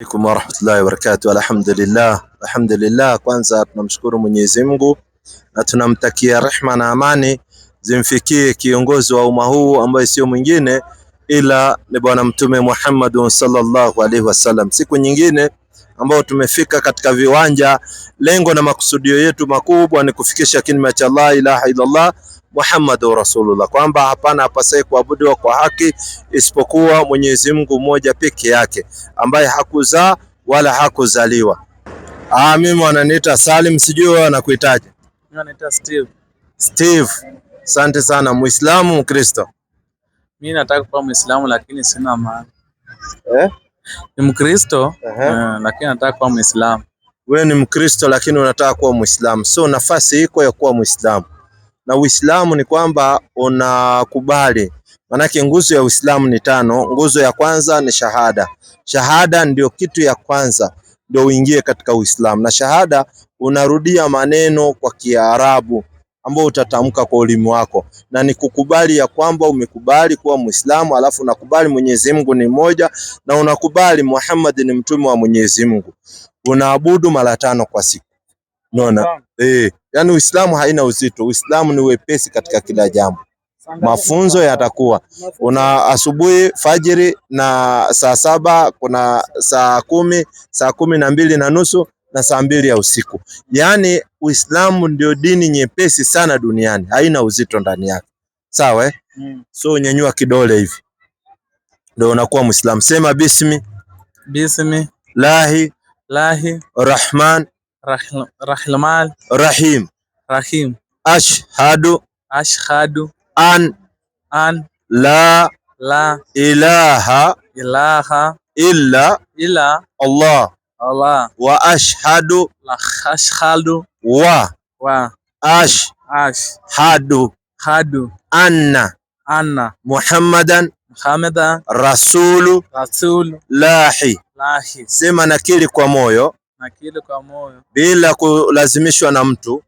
Alaikum warahmatullahi wabarakatuh. Alhamdulillah, alhamdulillah. Kwanza tunamshukuru Mwenyezi Mungu na tunamtakia rehma na amani zimfikie kiongozi wa umma huu ambaye sio mwingine ila ni Bwana Mtume Muhammad sallallahu alaihi wasallam. Siku nyingine ambayo tumefika katika viwanja, lengo na makusudio yetu makubwa ni kufikisha kinima cha la ilaha illallah Muhammadu Rasulullah, kwamba hapana hapasai kuabudiwa kwa haki isipokuwa Mwenyezi Mungu mmoja peke yake ambaye hakuzaa wala hakuzaliwa. Ah, mimi wananiita Salim, sijui wewe anakuitaje? Mimi naitwa Steve. Steve, asante sana. Muislamu, Mkristo? Mimi nataka kuwa Muislamu lakini sina maana. Eh? Ni Mkristo uh Uh, -huh. lakini nataka kuwa Muislamu. Wewe ni Mkristo lakini unataka kuwa Muislamu, so nafasi iko ya kuwa Muislamu na Uislamu ni kwamba unakubali, maanake nguzo ya Uislamu ni tano. Nguzo ya kwanza ni shahada. Shahada ndio kitu ya kwanza, ndio uingie katika Uislamu. Na shahada unarudia maneno kwa Kiarabu ambao utatamka kwa ulimi wako, na ni kukubali ya kwamba umekubali kuwa Muislamu, alafu unakubali Mwenyezi Mungu ni mmoja, na unakubali Muhammad ni mtume wa Mwenyezi Mungu. Unaabudu mara tano kwa siku, unaona eh. Yaani Uislamu haina uzito, Uislamu ni wepesi katika kila jambo. Mafunzo yatakuwa una asubuhi, fajiri na saa saba, kuna saa kumi, saa kumi na mbili na nusu na saa mbili ya usiku. Yaani Uislamu ndio dini nyepesi sana duniani, haina uzito ndani yake, sawa eh? Mm. So unyanyua kidole hivi ndio unakuwa Muislamu. Sema bismi, bismi lahi lahi rahman Rahman Rahim Rahim Ashhadu Ashhadu an an la la ilaha ilaha illa illa Allah Allah wa ashhadu la ashhadu wa wa ash ash hadu anna anna Muhammadan Muhammadan rasulu rasulu lahi lahi. Sema nakiri kwa moyo nakili kwa moyo bila kulazimishwa na mtu,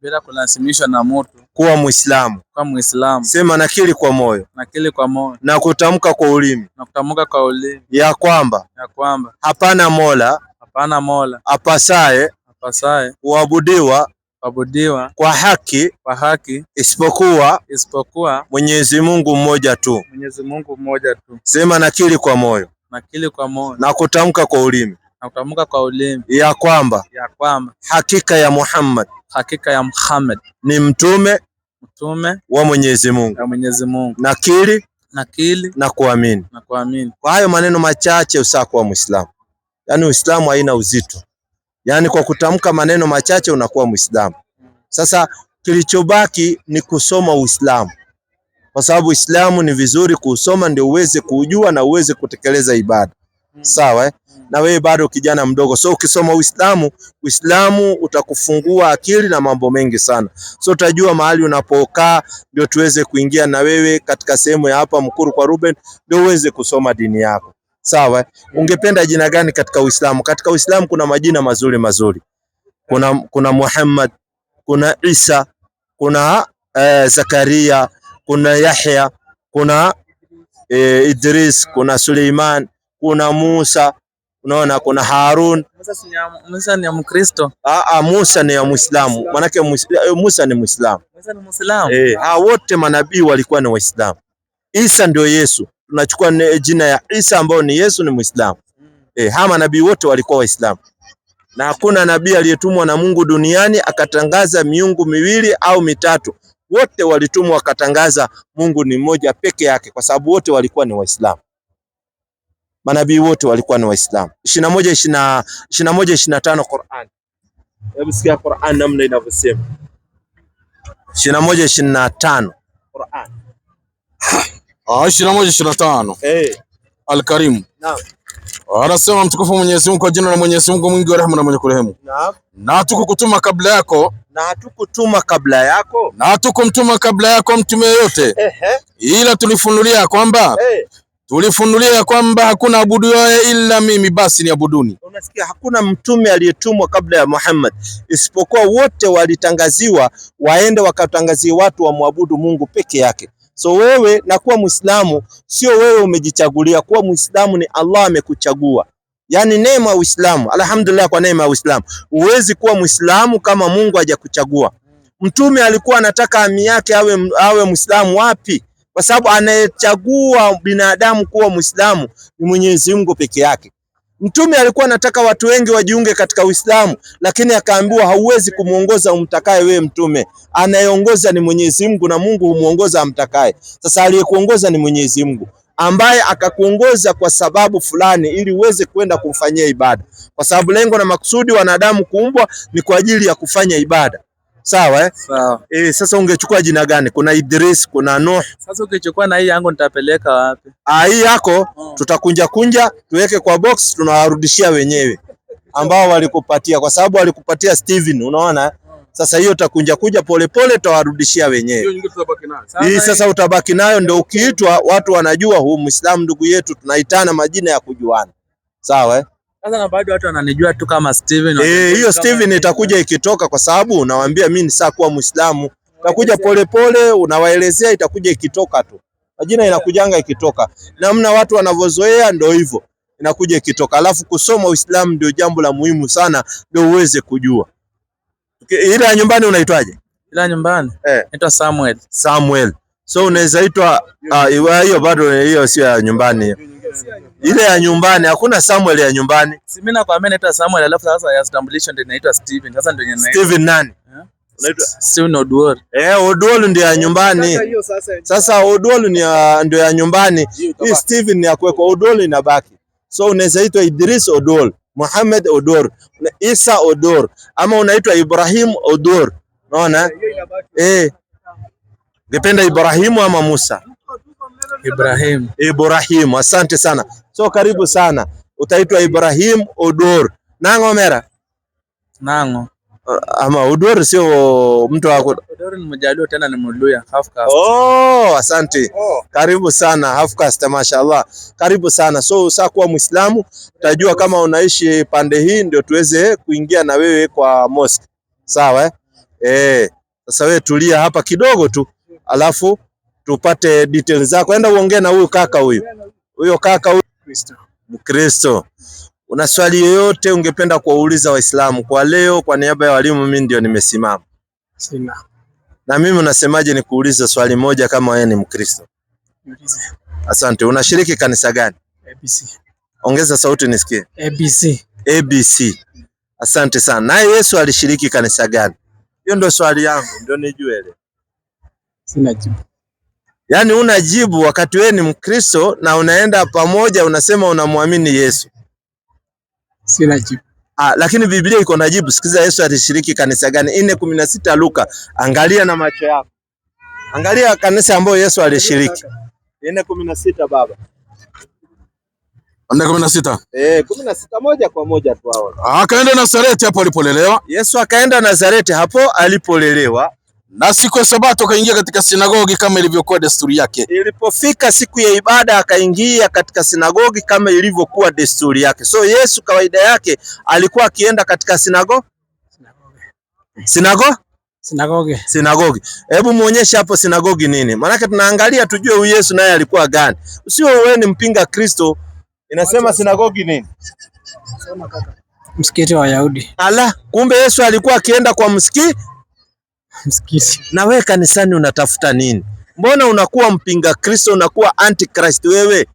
bila kulazimishwa na mtu kuwa Muislamu, kuwa Muislamu. Sema nakili kwa moyo, nakili kwa moyo na kutamka kwa ulimi, na kutamka kwa ulimi ya kwamba, ya kwamba hapana mola, hapana mola apasaye, apasaye kuabudiwa kuabudiwa kwa haki, kwa haki isipokuwa, isipokuwa Mwenyezi Mungu mmoja tu, Mwenyezi Mungu mmoja tu. Sema nakili kwa moyo, nakili kwa moyo na kutamka kwa ulimi na kutamka kwa ulimi ya kwamba ya kwamba hakika ya Muhammad hakika ya Muhammad ni mtume mtume wa Mwenyezi Mungu wa Mwenyezi Mungu nakiri nakili na kuamini na kuamini. Kwa hayo maneno machache usakuwa Muislamu, yaani Uislamu haina uzito, yaani kwa kutamka maneno machache unakuwa Muislamu. Sasa kilichobaki ni kusoma Uislamu, kwa sababu Uislamu ni vizuri kuusoma ndio uweze kuujua na uweze kutekeleza ibada hmm. Sawa eh? na wewe bado kijana mdogo. So ukisoma Uislamu, Uislamu utakufungua akili na mambo mengi sana. So utajua mahali unapokaa, ndio tuweze kuingia na wewe katika sehemu ya hapa Mkuru kwa Ruben, ndio uweze kusoma dini yako. Sawa, eh? ungependa jina gani katika Uislamu? Katika Uislamu kuna majina mazuri mazuri, kuna kuna Muhammad, kuna Isa, kuna eh, Zakaria, kuna Yahya, kuna eh, Idris, kuna Suleiman, kuna Musa Unaona, kuna Harun. Musa ni Mkristo? Ah, ah, Musa ni Muislamu, manake eh, Musa ni Muislamu. Eh, hao ah, wote manabii walikuwa ni Waislamu. Isa ndio Yesu, tunachukua jina ya Isa ambao ni Yesu ni Muislamu. Hmm. Eh, hawa manabii wote walikuwa Waislamu, na hakuna nabii aliyetumwa na Mungu duniani akatangaza miungu miwili au mitatu. Wote walitumwa wakatangaza Mungu ni mmoja peke yake, kwa sababu wote walikuwa ni Waislamu manabii wote walikuwa ni Waislamu. 21 na moja na Qur'an. Hebu sikia Qur'an namna inavyosema 21 na Qur'an. Ah, 21 25. Eh. Al-Karim. Naam. Anasema mtukufu Mwenyezi Mungu kwa jina la Mwenyezi Mungu mwingi wa rehema na mwenye kurehemu. Naam. Na tukukutuma kabla yako na hatukutuma kabla yako na hatukumtuma kabla yako mtume yoyote, ila tulifunulia kwamba hey. Eh tulifunulia kwamba hakuna abudu yoye ila mimi, basi ni abuduni. Unasikia, hakuna mtume aliyetumwa kabla ya Muhammad isipokuwa wote walitangaziwa waende wakatangazie watu wamwabudu Mungu peke yake. So wewe na kuwa Muislamu sio wewe umejichagulia kuwa Muislamu, ni Allah amekuchagua. Yani neema ya Uislamu, alhamdulillah kwa neema ya Uislamu. Huwezi kuwa Muislamu kama Mungu hajakuchagua. Mtume alikuwa anataka ami yake awe awe Muislamu wapi? kwa sababu anayechagua binadamu kuwa Muislamu ni Mwenyezi Mungu peke yake. Mtume alikuwa anataka watu wengi wajiunge katika Uislamu, lakini akaambiwa hauwezi kumuongoza umtakaye wewe mtume. Anayeongoza ni Mwenyezi Mungu na Mungu humuongoza amtakaye. Sasa aliyekuongoza ni Mwenyezi Mungu ambaye akakuongoza kwa sababu fulani ili uweze kwenda kumfanyia ibada, kwa sababu lengo na makusudi wanadamu kuumbwa ni kwa ajili ya kufanya ibada. Sawa eh? Sawa. Eh, sasa ungechukua jina gani? Kuna Idris, kuna Nuh. Sasa ukichukua na hii yangu nitapeleka wapi? Ah, hii yako oh, ah. tutakunja kunja tuweke kwa box tunawarudishia wenyewe ambao walikupatia kwa sababu walikupatia Steven, unaona? Sasa hiyo takunja kuja polepole tawarudishia wenyewe. Hii sasa utabaki nayo, ndio ukiitwa watu wanajua huu Muislamu ndugu yetu, tunaitana majina ya kujuana. Sawa eh? Sasa na bado watu wananijua tu kama Steven. Eh, hiyo Steven itakuja ikitoka kwa sababu nawaambia mimi ni saa kuwa Muislamu. Itakuja polepole unawaelezea itakuja ikitoka tu. Majina inakujanga ikitoka. Namna watu wanavyozoea ndio hivyo. Inakuja ikitoka. Alafu kusoma Uislamu ndio jambo la muhimu sana ndio uweze kujua. Ila nyumbani unaitwaje? Ila nyumbani. Eh. Naitwa Samuel. Samuel. So unaweza itwa ah, hiyo uh, bado hiyo sio ya nyumbani. Ile ya nyumbani hakuna Samuel ya nyumbani. Si mimi nakwambia naitwa Samuel alafu sasa ya tambulisho ndio inaitwa Steven. Sasa ndio inaitwa Steven nani? Eh? Unaitwa Steven Oduol. Eh, Oduol ndio ya nyumbani. Sasa Oduol ndio ya nyumbani. Hii Steven ni ya kwako, Oduol inabaki. So unaweza itwa Idris Oduol, Muhammad Oduol, Isa Oduol ama unaitwa Ibrahim Oduol. Unaona? Eh. Dependa Ibrahimu ama Musa. Ibrahim. Ibrahim, asante sana. So karibu sana. Utaitwa Ibrahim Odor. Nango mera? Nango. Ama Odor sio mtu wako. Odor ni Mjaluo tena ni Mluya. Oh, asante. Oh. Karibu sana Hafcast, mashaallah. Karibu sana. So usa kuwa Muislamu, utajua kama unaishi pande hii ndio tuweze kuingia na wewe kwa mosque. Sawa eh? Eh. Sasa wewe tulia hapa kidogo tu. Alafu tupate details zako. Enda uongee na huyu kaka huyu huyo kaka huyu Mkristo. Una swali yoyote ungependa kuwauliza Waislamu kwa leo? Kwa niaba ya walimu, mimi ndio nimesimama. Sina. Na mimi unasemaje nikuulize swali moja kama wewe ni Mkristo? Asante. Unashiriki kanisa gani? ABC. Ongeza sauti nisikie. ABC. ABC. Asante sana. Naye Yesu alishiriki kanisa gani? Hiyo ndio swali yangu, ndio nijue. Sina jibu. Yaani una jibu wakati wewe ni Mkristo na unaenda pamoja unasema unamwamini Yesu. Sina jibu. Ah, lakini Biblia iko na jibu. Sikiza Yesu alishiriki kanisa gani? nne kumi na sita Luka. Angalia na macho yako. Angalia kanisa ambayo Yesu alishiriki. nne kumi na sita baba. Nne kumi na sita. Eh, kumi na sita moja kwa moja tu hao. Akaenda Nazareti hapo alipolelewa. Yesu akaenda Nazareti hapo alipolelewa na siku ya Sabato akaingia katika sinagogi kama ilivyokuwa desturi yake. Ilipofika siku ya ibada, akaingia katika sinagogi kama ilivyokuwa desturi yake. So Yesu kawaida yake alikuwa akienda katika sinago sinago sinagogi sinagogi. Hebu muonyeshe hapo sinagogi nini? Maanake tunaangalia tujue huyu Yesu naye alikuwa gani. Usio wewe ni mpinga Kristo, inasema sinagogi nini? Msikiti wa Wayahudi. Ala, kumbe Yesu alikuwa akienda kwa msikiti msikiti. Na wewe kanisani unatafuta nini? Mbona unakuwa mpinga Kristo, unakuwa antichrist wewe?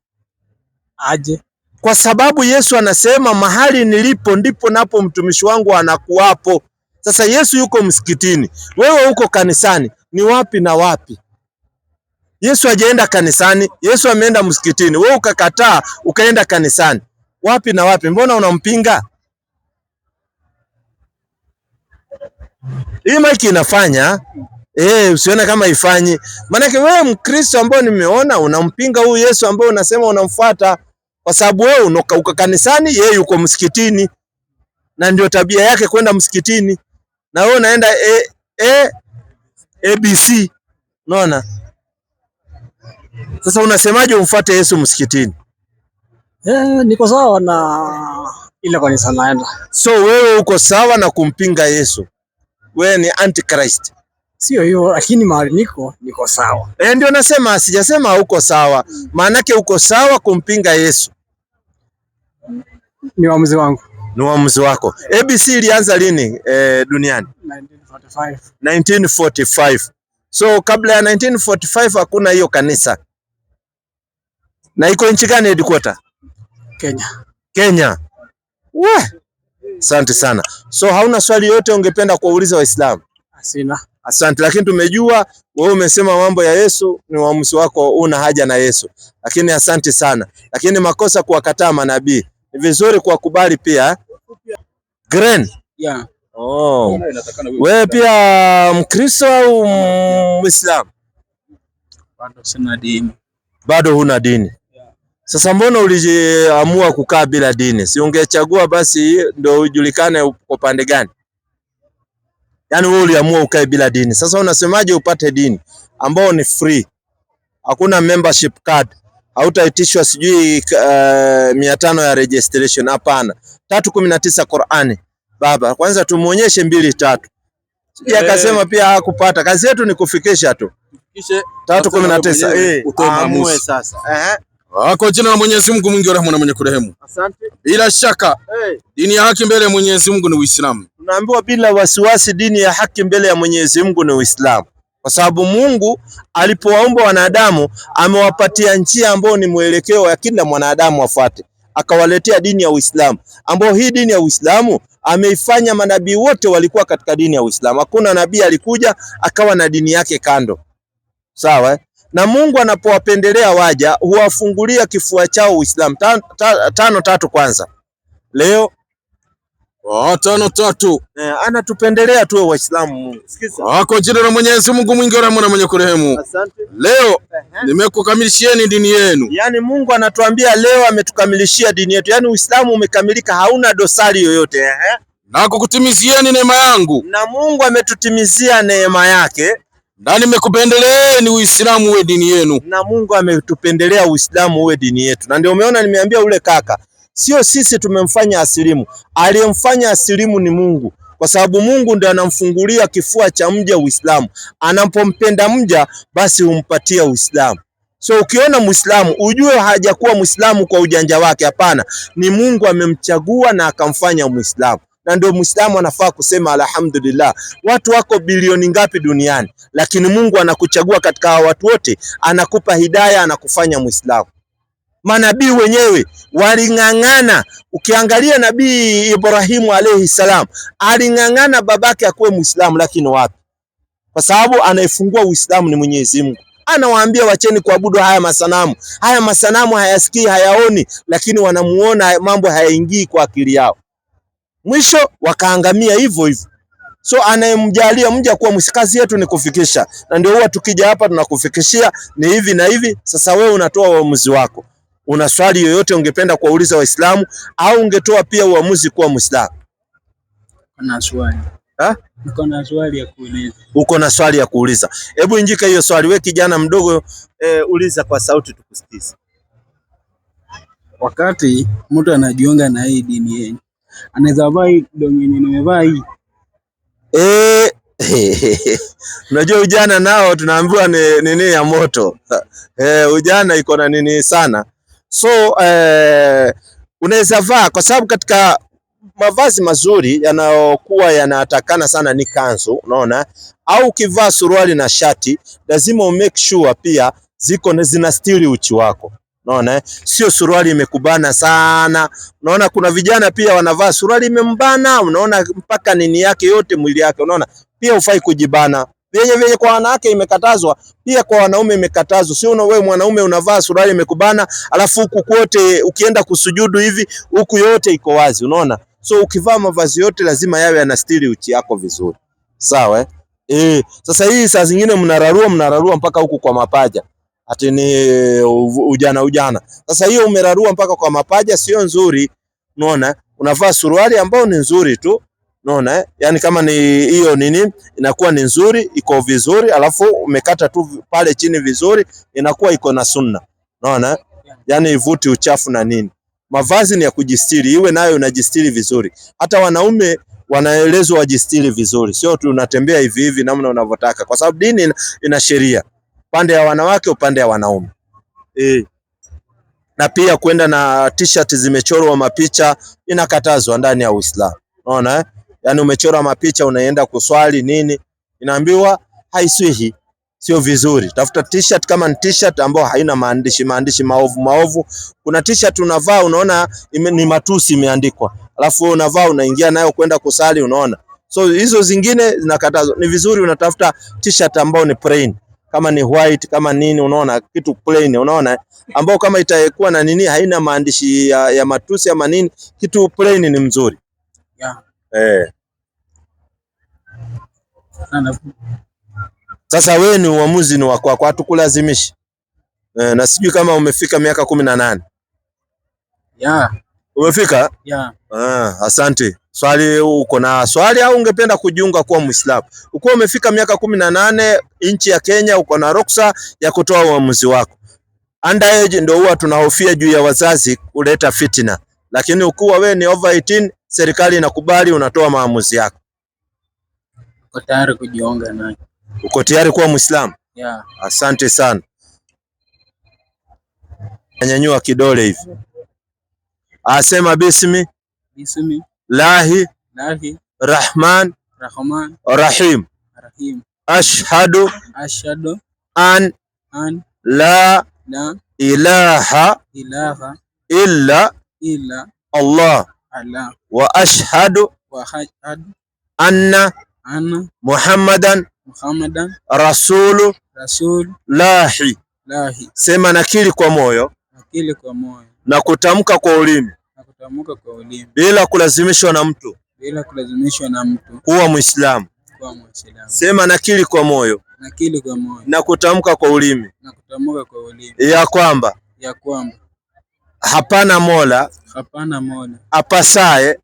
Aje. Kwa sababu Yesu anasema mahali nilipo ndipo napo mtumishi wangu anakuwapo. Sasa Yesu yuko msikitini, wewe uko kanisani, ni wapi na wapi? Yesu hajaenda kanisani, Yesu ameenda msikitini, wewe ukakataa ukaenda kanisani, wapi na wapi? Mbona unampinga? Hii maiki inafanya eh, usione kama ifanyi. Maanake wewe Mkristo ambao nimeona unampinga huyu Yesu ambao unasema unamfuata kwa sababu wewe uko kanisani, yeye yuko msikitini, na ndio tabia yake kwenda msikitini, na wewe unaenda e, e, ABC. Unaona sasa, unasemaje umfuate Yesu msikitini? Yeah, niko sawa na ile kanisa naenda. So wewe uko sawa na kumpinga Yesu wewe ni antichrist. Sio hiyo, lakini mahali niko niko sawa. Eh, ndio nasema, sijasema uko sawa, maanake uko sawa kumpinga Yesu. Ni uamuzi wangu, ni uamuzi wako. ABC ilianza lini e, duniani? 1945. 1945. So kabla ya 1945 hakuna hiyo kanisa. Na iko nchi gani headquarter? Kenya. Kenya. We, Asante sana. So hauna swali yote ungependa kuwauliza Waislamu? Sina. Asante, lakini tumejua wewe umesema mambo ya Yesu ni uamuzi wako, una haja na Yesu, lakini asante sana. Lakini makosa kuwakataa manabii, ni vizuri kuwakubali pia. Green. Yeah. Oh. Wewe pia Mkristo au Muislamu? Bado sina dini. Bado huna dini. Sasa mbona ulijiamua kukaa bila dini? Si ungechagua basi ndio ujulikane uko pande gani? Yaani wewe uliamua ukae bila dini. Sasa unasemaje upate dini ambao ni free? Hakuna membership card. Hautaitishwa sijui uh, mia tano ya registration hapana. 319 Qur'ani. Baba, kwanza tumuonyeshe mbili tatu. Sijui hey. Eh. Akasema pia hakupata. Kazi yetu ni kufikisha tu. Kufikishe 319 eh. Utoe maamuzi sasa. Eh. Ah, kwa jina la Mwenyezi Mungu mwingi wa rehema na mwenye kurehemu. Asante. Bila shaka hey, dini ya haki mbele ya Mwenyezi Mungu ni Uislamu. Tunaambiwa bila wasiwasi, dini ya haki mbele ya Mwenyezi Mungu ni Uislamu, kwa sababu Mungu alipowaumba wanadamu amewapatia njia ambayo ni mwelekeo ya kila mwanadamu afuate, akawaletea dini ya Uislamu, ambayo hii dini ya Uislamu ameifanya manabii wote walikuwa katika dini ya Uislamu. Hakuna nabii alikuja akawa na dini yake kando, sawa eh? na Mungu anapowapendelea waja huwafungulia kifua chao Uislamu. Tano, tano tatu kwanza leo Oh, tano tatu eh, anatupendelea tuwe Waislamu. Ah, kwa jina la Mwenyezi Mungu mwingi wa rehema na mwenye kurehemu. Asante. Leo nimekukamilishieni dini yenu. Yaani Mungu anatuambia leo ametukamilishia dini yetu. Yaani Uislamu umekamilika, hauna dosari yoyote. Ehe. Na kukutimizieni neema yangu. Na Mungu ametutimizia neema yake na nimekupendeleeni Uislamu uwe dini yenu, na Mungu ametupendelea Uislamu uwe dini yetu. Na ndio umeona nimeambia ule kaka, sio sisi tumemfanya asilimu, aliyemfanya asilimu ni Mungu, kwa sababu Mungu ndiye anamfungulia kifua cha mja Uislamu. Anapompenda mja, basi humpatia Uislamu. So ukiona Muislamu ujue hajakuwa Muislamu kwa ujanja wake, hapana, ni Mungu amemchagua na akamfanya Muislamu na ndio Muislamu anafaa kusema alhamdulillah. Watu wako bilioni ngapi duniani, lakini Mungu anakuchagua katika hawa watu wote, anakupa hidaya, anakufanya Muislamu. Manabii wenyewe waling'ang'ana. Ukiangalia Nabii Ibrahimu alayhi salam aling'ang'ana babake akuwe Muislamu, lakini wapi? Kwa sababu anayefungua Uislamu ni Mwenyezi Mungu. Anawaambia wacheni kuabudu haya masanamu. Haya masanamu hayasikii, hayaoni, lakini wanamuona, mambo hayaingii kwa akili yao mwisho wakaangamia hivyo hivyo. So anayemjalia mja kuwa msikazi yetu ni kufikisha, na ndio huwa tukija hapa tunakufikishia ni hivi na hivi. Sasa wewe unatoa uamuzi wako. Una swali yoyote ungependa kuwauliza Waislamu au ungetoa pia uamuzi kuwa Muislamu? Kuna swali ha? Uko na swali ya kuuliza. Uko na swali ya kuuliza, hebu injika hiyo swali. wewe kijana mdogo e, uliza kwa sauti tukusikize. Wakati mtu anajiunga na hii dini yenu anaweza vaa dongo yenye nimevaa hii eh. Unajua ujana nao tunaambiwa ni nini ya moto eh, ujana iko na nini sana, so eh, unaweza vaa kwa sababu katika mavazi mazuri yanayokuwa yanatakana sana ni kanzu, unaona, au ukivaa suruali na shati lazima make sure pia ziko zinastiri uchi wako. Unaona, eh? sio suruali imekubana sana. Unaona kuna vijana pia wanavaa suruali imembana, unaona mpaka nini yake yote mwili yake, unaona pia ufai kujibana vyenye vyenye kwa wanawake imekatazwa, pia kwa wanaume imekatazwa. Sio una wewe mwanaume unavaa suruali imekubana, alafu huku kwote ukienda kusujudu hivi huku yote iko wazi, unaona. So ukivaa mavazi yote lazima yawe yanastiri uchi yako vizuri, sawa eh? E, sasa hii saa zingine mnararua mnararua mpaka huku kwa mapaja ati ni ujana ujana. Sasa hiyo umerarua mpaka kwa mapaja, sio nzuri. Unaona, unavaa suruali ambayo ni nzuri tu, unaona eh? Yani kama ni hiyo nini, inakuwa ni nzuri, iko vizuri, alafu umekata tu pale chini vizuri, inakuwa iko na sunna, unaona eh, yani ivuti uchafu na nini. Mavazi ni ya kujistiri, iwe nayo unajistiri vizuri. Hata wanaume wanaelezwa wajistiri vizuri, sio tu unatembea hivi hivi namna unavyotaka, kwa sababu dini ina sheria upande ya wanawake, upande ya wanaume e. Na pia kwenda na t-shirt zimechorwa mapicha inakatazwa ndani ya Uislamu, unaona eh? Yaani umechora mapicha unaenda kuswali nini, inaambiwa haiswihi, sio vizuri. Tafuta t-shirt kama ni t-shirt ambayo haina maandishi maandishi maovu maovu. Kuna t-shirt unavaa unaona ime, ni matusi imeandikwa, alafu wewe unavaa unaingia nayo kwenda kusali, unaona so hizo zingine zinakatazwa. Ni vizuri unatafuta t-shirt ambayo ni plain kama ni white kama nini, unaona kitu plain, unaona ambao kama itakuwa na nini, haina maandishi ya, ya matusi ama nini, kitu plain ni mzuri yeah. Eh. Sasa we ni uamuzi ni wako hatukulazimishi eh, na sijui kama umefika miaka kumi na nane yeah. Umefika? Yeah. Ah, asante. Swali, uko na swali au ungependa kujiunga kuwa Muislamu? Ukiwa umefika miaka kumi na nane nchi ya Kenya, uko na ruksa ya kutoa uamuzi wako. Underage ndio huwa tunahofia juu ya wazazi kuleta fitina, lakini ukiwa we ni over 18, serikali inakubali, unatoa maamuzi yako. Uko tayari kujiunga naye? Uko tayari kuwa Muislamu? Yeah. Asante sana. Nyanyua kidole hivi. Asema bismi, bismi lahi, lahi rahman, rahman rahim, rahim ashhadu, ashhadu an, an la, la ilaha, ilaha illa, illa Allah, Allah wa ashhadu, wa ashhadu anna, anna Muhammadan, Muhammadan rasulu, lahi Sema nakili kwa moyo, nakili kwa moyo na kutamka kwa ulimi bila kulazimishwa na mtu bila kulazimishwa na mtu kuwa Muislamu. Sema nakili kwa moyo nakili kwa moyo na kutamka kwa ulimi na kutamka kwa ulimi ya kwamba ya kwamba hapana mola, hapana mola apasaye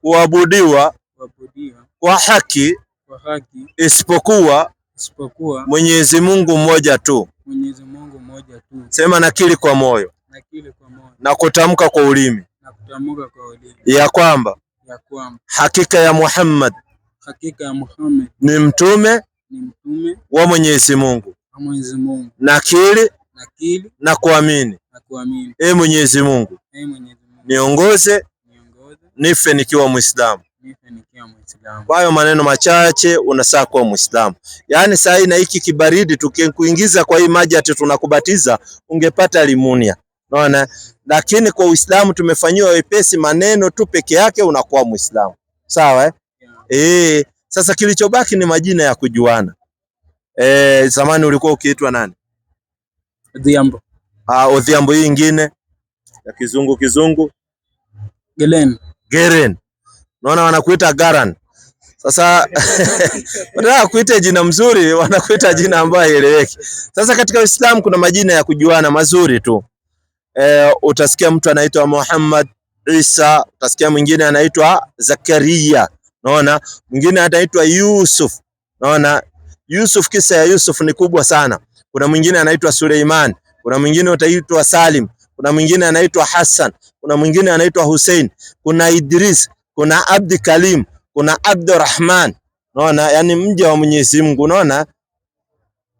kuabudiwa kuabudiwa kwa haki, kwa haki isipokuwa isipokuwa Mwenyezi Mungu mmoja tu. Mwenyezi Mungu mmoja tu. Sema nakili kwa moyo na kutamka kwa ulimi ya kwamba hakika ya Muhammad ni mtume wa Mwenyezi Mungu na kili na kuamini e, e Mwenyezi Mungu niongoze niongoze nife nikiwa Muislamu kwa hayo maneno machache unasaa kuwa Muislamu. Yaani saa hii na hiki kibaridi, tukikuingiza kwa hii maji ati tunakubatiza, ungepata limunia. Unaona? Lakini kwa Uislamu tumefanyiwa wepesi, maneno tu peke yake unakuwa Muislamu. Sawa eh? Yeah. E, sasa kilichobaki ni majina ya kujuana. E, zamani ulikuwa ukiitwa nani? Odhiambo. Ah, Odhiambo hii nyingine ya kizungu kizungu. Gelen. Geren. Unaona wanakuita Garan. Sasa wanataka kuita jina mzuri, wanakuita jina ambayo eleweki. Sasa katika Uislamu kuna majina ya kujuana mazuri tu eh, utasikia mtu anaitwa Muhammad Isa, utasikia mwingine anaitwa Zakaria, naona mwingine anaitwa Yusuf, naona Yusuf. Kisa ya Yusuf ni kubwa sana. Kuna mwingine anaitwa Suleiman, kuna mwingine utaitwa Salim, kuna mwingine anaitwa Hassan, kuna mwingine anaitwa Hussein, kuna Idris, kuna Abdi Kalim, kuna Abdurrahman, naona yani mja wa Mwenyezi Mungu, naona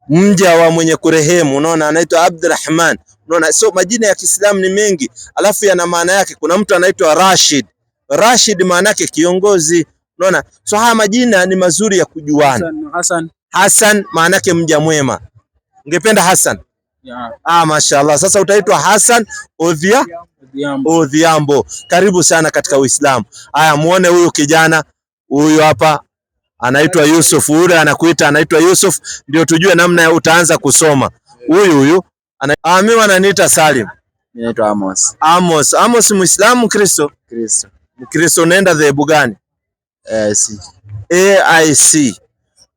mja wa mwenye kurehemu, naona anaitwa Abdurrahman Unaona, so majina ya Kiislamu ni mengi, alafu yana maana yake. Kuna mtu anaitwa Rashid. Rashid maana yake kiongozi. Unaona, so haya majina ni mazuri ya kujuana. Hassan, Hassan maana yake mja mwema. Ungependa Hassan? Yeah. Ah, mashallah. Sasa utaitwa Hassan Odhia Odhiambo. Karibu sana katika Uislamu. Haya, muone huyu kijana huyu hapa anaitwa Yusuf, yule anakuita anaitwa Yusuf, ndio tujue namna utaanza kusoma. Huyu huyu ana... mimi wananiita Salim. Mimi naitwa Amos. Amos, Amos Muislamu Kristo? Kristo. Mkristo nenda dhehebu gani? AIC. AIC.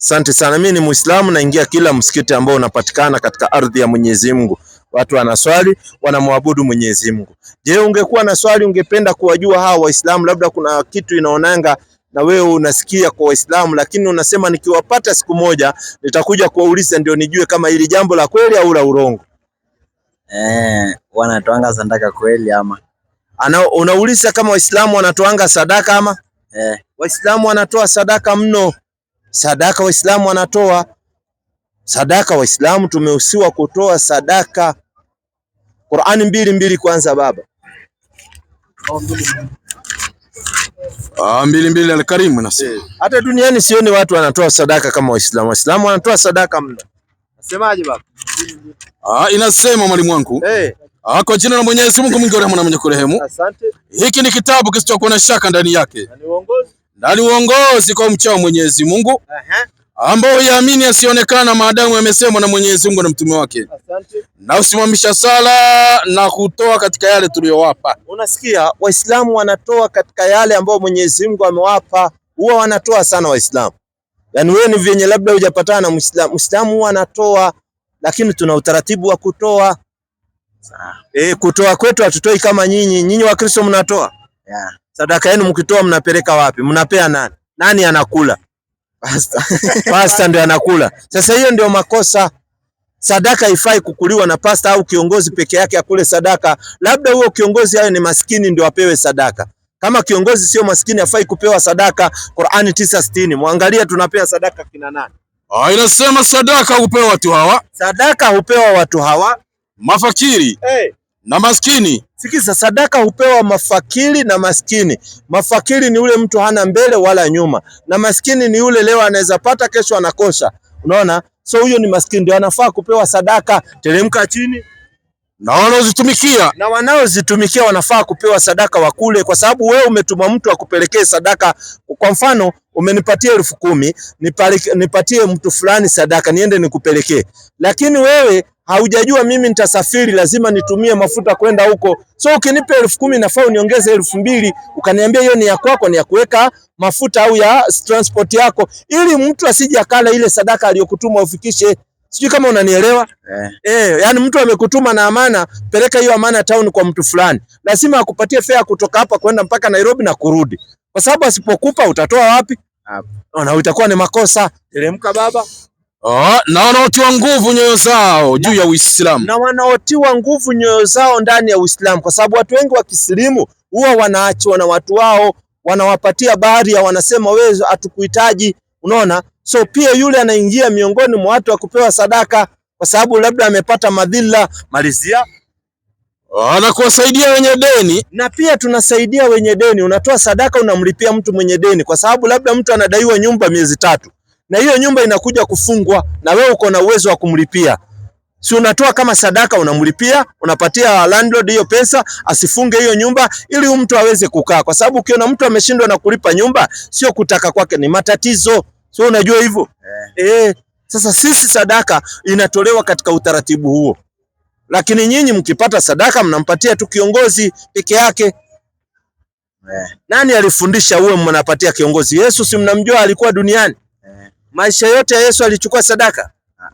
Asante sana. Mimi ni Muislamu naingia kila msikiti ambao unapatikana katika ardhi ya Mwenyezi Mungu. Watu wanaswali, wanamwabudu Mwenyezi Mungu. Je, ungekuwa na swali ungependa kuwajua hawa Waislamu, labda kuna kitu inaonanga na wewe unasikia kwa Waislamu, lakini unasema nikiwapata siku moja nitakuja kuwauliza ndio nijue kama ili jambo la kweli au la urongo. Eh, wanatoanga sadaka kweli ama? Ana, unauliza kama Waislamu wanatoanga sadaka ama? Eh, Waislamu wanatoa sadaka mno. Sadaka Waislamu wanatoa sadaka. Waislamu tumehusiwa kutoa sadaka. Qur'ani mbili mbili kwanza baba. Ah, mbili mbili alikarimu nasema. Hata duniani sioni watu wanatoa sadaka kama Waislamu. Waislamu wanatoa sadaka mno. Nasemaje baba? Ah, inasema mwalimu wangu hey. Eh. Ah, kwa jina la Mwenyezi Mungu mwingi wa rehema na mwenye kurehemu. Asante. Hiki ni kitabu kisichokuwa na shaka ndani yake ndani uongozi kwa mchao Mwenyezi Mungu uh -huh. ambao huyaamini asionekana maadamu yamesemwa na Mwenyezi Mungu na mtume wake. Asante. Na usimamisha sala na kutoa katika yale tuliyowapa. Unasikia, Waislamu wanatoa katika yale ambayo Mwenyezi Mungu amewapa, huwa wanatoa sana Waislamu. Yaani wewe ni vyenye labda hujapatana na Muislamu, Muislamu huwa anatoa lakini tuna utaratibu wa kutoa e, kutoa kwetu hatutoi kama nyinyi. Nyinyi wa Kristo mnatoa yeah. Sadaka yenu mkitoa mnapeleka wapi? Mnapea nani? Nani anakula? Pasta, pasta ndio anakula. Sasa hiyo ndio makosa. Sadaka ifai kukuliwa na pasta au kiongozi peke yake akule sadaka. Labda huo kiongozi awe ni maskini ndio apewe sadaka. Kama kiongozi sio maskini afai kupewa sadaka. Qur'ani 9:60. Muangalia tunapea sadaka kina nani? Ah, inasema sadaka hupewa watu hawa, sadaka hupewa watu hawa mafakiri hey, na maskini. Sikiza, sadaka hupewa mafakiri na maskini. Mafakiri ni yule mtu hana mbele wala nyuma, na maskini ni yule leo anaweza pata, kesho anakosa. Unaona, so huyo ni maskini, ndio anafaa kupewa sadaka. Teremka chini na wanaozitumikia na wanaozitumikia wanafaa kupewa sadaka wakule, kwa sababu wewe umetuma mtu akupelekee sadaka. Kwa mfano, umenipatia elfu kumi nipatie mtu fulani sadaka, niende nikupelekee, lakini wewe haujajua mimi nitasafiri, lazima nitumie mafuta kwenda huko. So ukinipa elfu kumi nafaa uniongeze elfu mbili ukaniambia hiyo ni ya kwako, ni ya kuweka mafuta au ya transport yako, ili mtu asije akala ile sadaka aliyokutuma ufikishe. Sijui kama unanielewa eh. Eh, yani mtu amekutuma na amana, peleka hiyo amana town kwa mtu fulani, lazima akupatie fare kutoka hapa kwenda mpaka Nairobi na kurudi, kwa sababu asipokupa utatoa wapi? Hapo na itakuwa ni makosa. Teremka baba. Oh, na wanaotiwa nguvu nyoyo zao juu ya Uislamu na wanaotiwa nguvu nyoyo zao ndani ya Uislamu, kwa sababu watu wengi wa Kisilimu huwa wanaachwa na watu wao, wanawapatia baria, wanasema wewe hatukuhitaji Unaona, so pia yule anaingia miongoni mwa watu wa kupewa sadaka, kwa sababu labda amepata madhila malizia na kuwasaidia wenye deni. Na pia tunasaidia wenye deni, unatoa sadaka, unamlipia mtu mwenye deni, kwa sababu labda mtu anadaiwa nyumba miezi tatu, na hiyo nyumba inakuja kufungwa, na wewe uko na uwezo wa kumlipia, si unatoa kama sadaka, unamlipia, unapatia landlord hiyo pesa asifunge hiyo nyumba, ili mtu aweze kukaa, kwa sababu ukiona mtu ameshindwa na kulipa nyumba, sio kutaka kwake, ni matatizo. Sio unajua hivyo? Eh. E, sasa sisi sadaka inatolewa katika utaratibu huo, lakini nyinyi mkipata sadaka mnampatia tu kiongozi peke yake eh. Nani alifundisha uwe mnapatia kiongozi? Yesu si mnamjua alikuwa duniani eh. Maisha yote ya Yesu alichukua sadaka ah.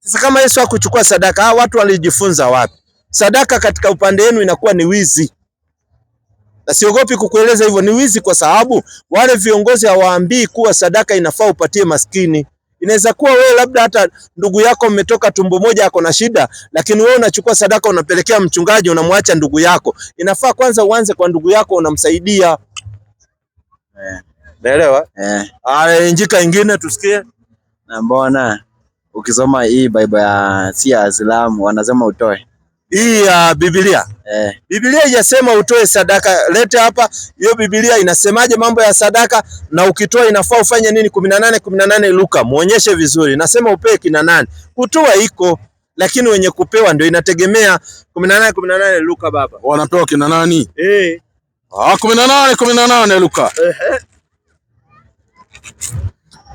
Sasa kama Yesu hakuchukua sadaka, watu walijifunza wapi? Sadaka katika upande wenu inakuwa ni wizi na siogopi kukueleza hivyo, ni wizi, kwa sababu wale viongozi hawaambii kuwa sadaka inafaa upatie maskini. Inaweza kuwa wewe labda hata ndugu yako umetoka tumbo moja, ako na shida, lakini wewe unachukua sadaka unapelekea mchungaji, unamwacha ndugu yako. Inafaa kwanza uanze kwa ndugu yako, unamsaidia eh. Naelewa eh. Aya, injika ingine tusikie. Na mbona ukisoma hii Biblia ya si ya wanasema utoe hii ya uh, Biblia eh. Biblia inasema utoe sadaka, lete hapa hiyo Biblia inasemaje mambo ya sadaka, na ukitoa inafaa ufanye nini? 18 18 Luka, muonyeshe vizuri. Nasema upewe kina nani? Kutoa iko lakini wenye kupewa ndio inategemea 18 18 Luka baba. Wanapewa kina nani? Eh. Ah, 18 18 Luka. eh.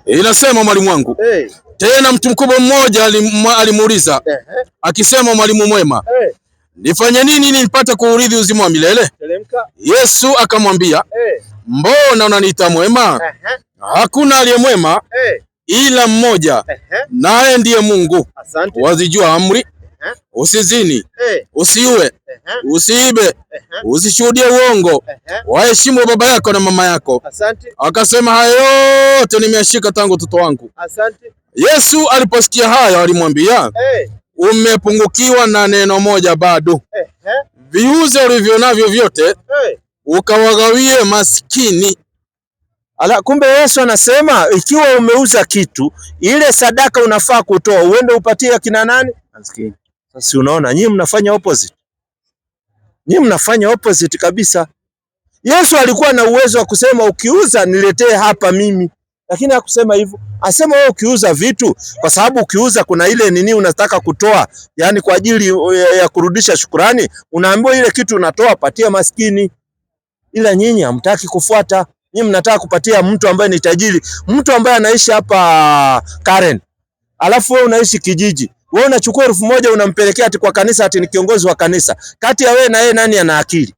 Eh, inasema mwalimu wangu hey. Eh. Tena mtu mkubwa mmoja alimuuliza hey. Eh, akisema mwalimu mwema hey. Nifanye nini ili nipate kuurithi uzima wa milele? Yesu akamwambia hey. Mbona unaniita mwema? Aha. Hakuna aliye mwema hey. ila mmoja naye ndiye Mungu. Asante. Wazijua amri Aha. Usizini hey. Usiue usiibe, usishuhudie uongo, waheshimu wa baba yako na mama yako. Asante. Akasema hayo yote nimeyashika tangu utoto wangu. Asante. Yesu aliposikia hayo alimwambia, hey, umepungukiwa na neno moja bado. uh -huh. viuze ulivyo navyo vyote, hey, ukawagawie maskini. Ala, kumbe Yesu anasema ikiwa umeuza kitu, ile sadaka unafaa kutoa uende upatie akina nani? Maskini. Sasa unaona nyinyi mnafanya opposite. Nyinyi mnafanya opposite kabisa. Yesu alikuwa na uwezo wa kusema ukiuza, niletee hapa mimi, lakini hakusema hivyo. Asema wewe ukiuza vitu, kwa sababu ukiuza kuna ile nini unataka kutoa, yani kwa ajili eh, ya kurudisha shukurani, unaambiwa ile kitu unatoa patia maskini, ila nyinyi hamtaki kufuata. Nyinyi mnataka kupatia mtu ambaye ni tajiri, mtu ambaye anaishi hapa Karen, alafu wewe unaishi kijiji wewe unachukua elfu moja unampelekea ati kwa kanisa ati ni kiongozi wa kanisa. Kati ya wewe na yeye nani ana akili?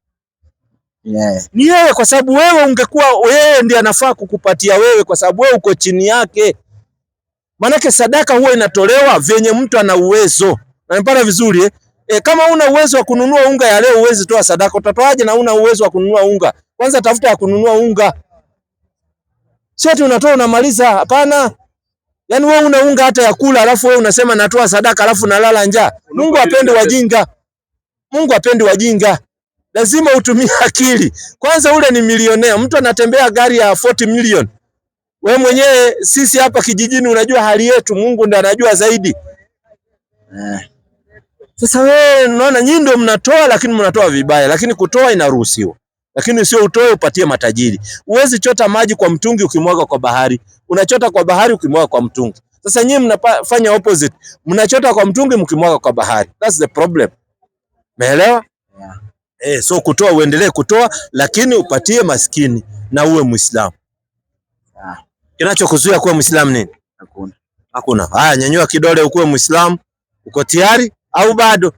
Yeah. Ni yeye kwa sababu wewe ungekuwa yeye ndiye anafaa kukupatia wewe kwa sababu wewe uko chini yake. Manake sadaka huwa inatolewa venye mtu ana uwezo. Nanipata vizuri eh? E, kama una uwezo wa kununua unga ya leo uwezi toa sadaka, utatoaje na una uwezo wa kununua unga? Kwanza tafuta ya kununua unga. Sio ati unatoa unamaliza, hapana. Yaani wewe unaunga hata ya kula alafu wewe unasema natoa sadaka alafu nalala njaa. Mungu apende wajinga. Mungu apende wajinga. Lazima utumie akili. Kwanza ule ni milionea, mtu anatembea gari ya 40 million. Wewe mwenyewe sisi hapa kijijini unajua hali yetu, Mungu ndiye anajua zaidi. Eh. Sasa wewe unaona nyinyi ndio mnatoa lakini mnatoa vibaya, lakini kutoa inaruhusiwa lakini sio utoe upatie matajiri. Uwezi chota maji kwa mtungi ukimwaga kwa bahari, unachota kwa bahari ukimwaga kwa mtungi. Sasa nyinyi mnafanya opposite, mnachota kwa mtungi mkimwaga kwa bahari, that's the problem. Umeelewa? Yeah. Eh, so kutoa, uendelee kutoa, lakini upatie maskini na uwe Muislamu. Yeah. Kinachokuzuia kuwa Muislamu nini? Hakuna. Hakuna. Haya, nyanyua kidole ukuwe Muislamu. Uko tayari au bado?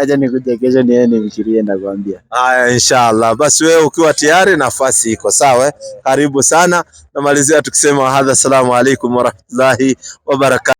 Acha nikuje kesho yeye nimshirie na kuambia. Haya, inshallah. Basi wewe ukiwa tayari, nafasi iko sawa. Eh? Karibu sana. Namalizia tukisema hadha, salamu alaykum warahmatullahi barakatuh.